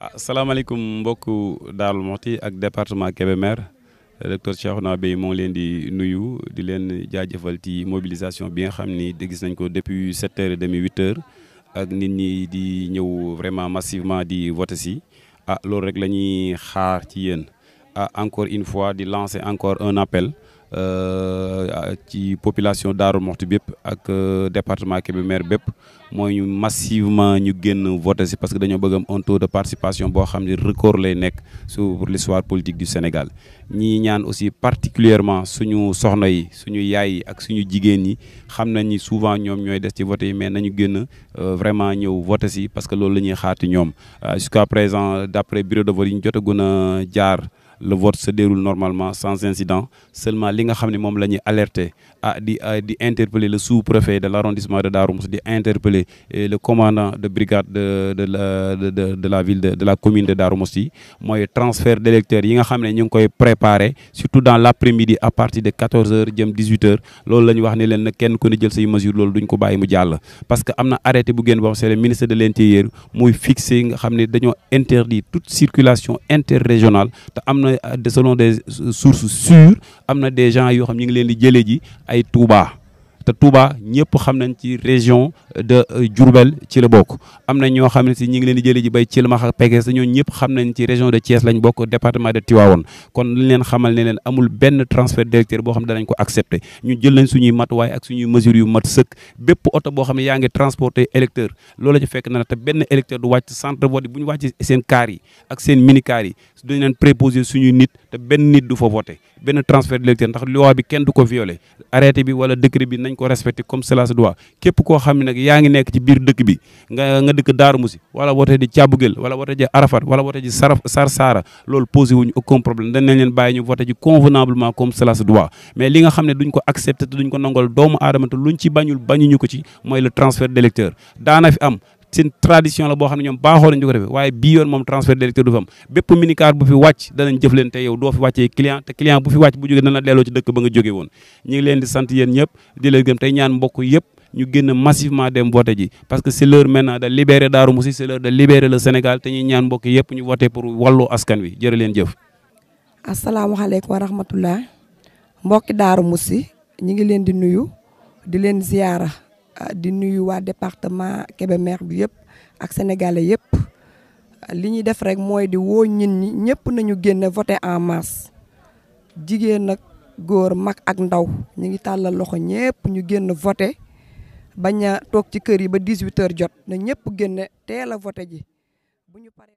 Ah, Salam alaikum beaucoup dans le monde et département Kébémer. Le docteur Chahouna Bey Monglien de nous, dit l'en Djadje Valti, mobilisation bien ramené, depuis 7h30, 8h. Nous avons vraiment massivement dit voter ici. Nous avons encore une fois lancé encore un appel la euh, population daru Mokhti le ak euh, département de la moy ñu massivement ñu génn voté parce que dañu un taux de participation bo xamni record lay sur l'histoire politique du Sénégal ñi ñaan aussi particulièrement suñu soxna yi suñu yaay yi ak suñu jigéen yi xamnañ souvent ci voté mais nañu génn euh, vraiment voté parce que loolu la ñuy jusqu'à présent d'après bureau de vote ils ñu voté le vote se déroule normalement sans incident seulement li nga nous avons alerté interpeller le sous-préfet de l'arrondissement de Darou Mouhty interpeller eh, le commandant de brigade de de la de de la ville de de la commune de Darou Moi, le transfert d'électeurs yi nga préparé, ñu surtout dans l'après-midi à partir de 14 h 18 h loolu ce que wax avons dit na kenn ku ne jël say mesures duñ ko parce que nous arrêté bu génn boo le ministre de l'intérieur muy fixé nga interdit toute circulation interrégionale am selon selon des sources sûres y a des gens qui ont été en train de se faire. te Touba ñëpp xam nañ ci région de euh, Diourbel ci la bokk am na ñoo xam ne si ñi ngi leen di jëlee ji bay ci la max ak Pekes ñoo ñëpp xam nañ ci région de Thiès lañ bokk département de Tivaouane kon liñ xamal ne leen amul benn transfert directeur boo xam ne danañ ko accepté ñu jël nañ suñuy matuwaay ak suñuy mesures yu mat sëkk bépp oto boo xam ne yaa ngi transporté électeur loolu ci fekk na te benn électeur du wàcc centre vote bu ñu wàcc seen kaar ak seen mini kaar leen préposé suñuy nit te benn nit du fa voté benn transfert d'électeur ndax loi bi kenn du ko violé arrêté bi wala décret bi nañ ko respecté comme cela se doit képp ko xam ne nag yaa ngi nekk ci biir dëkk bi nga nga dëkk Daaru Musi wala wote di Càbbugel wala wote ji Arafat wala wote ji Sar Sarsara loolu posé wuñu aucun problème danañ leen bàyyi ñu voté ji convenablement comme cela se doit mais li nga xam ne duñ ko accepté te duñ ko nangal doomu aadama te luñ ci bañul bañuñu ko ci mooy le transfert d'électeur daana fi am une tradition la boo xam ne ñoom baaxoo nañu ko defee transfert directeur du fi am mini minicar bu fi wàcc danañ jëf leen te yow doo fi wàccee client te client bu fi wàcc bu jógee dana la delloo ci dëkk ba nga jogue woon ñu ngi leen di sant yéen ñëpp di leen gëm tey ñaan mbokk yëpp ñu génn massivement dem voté ji parce que c'est leur maintenant de libérer Darou Moussi c'est leur de libérer le Sénégal te n'y ñaan mbokk yëpp ñu voter pour wàllu askan wi jërë leen jëf asalaamaaleykum wa rahmatullah mbokki Darou Moussi ñi ngi a di nuyu di leen ziyaara Euh, di nuyu waa département Kébémer bi yëpp ak sénégalais yëpp euh, li ñuy def rek mooy di woo ñin ñi ñëpp nañu génne voté en mars jigéen nag góor mag ak ndaw ñu ngi tàllal loxo ñëpp ñu génn voté bañ toog ci kër yi ba 18 heures jot na ñëpp génne teel voté ji bu ñu paree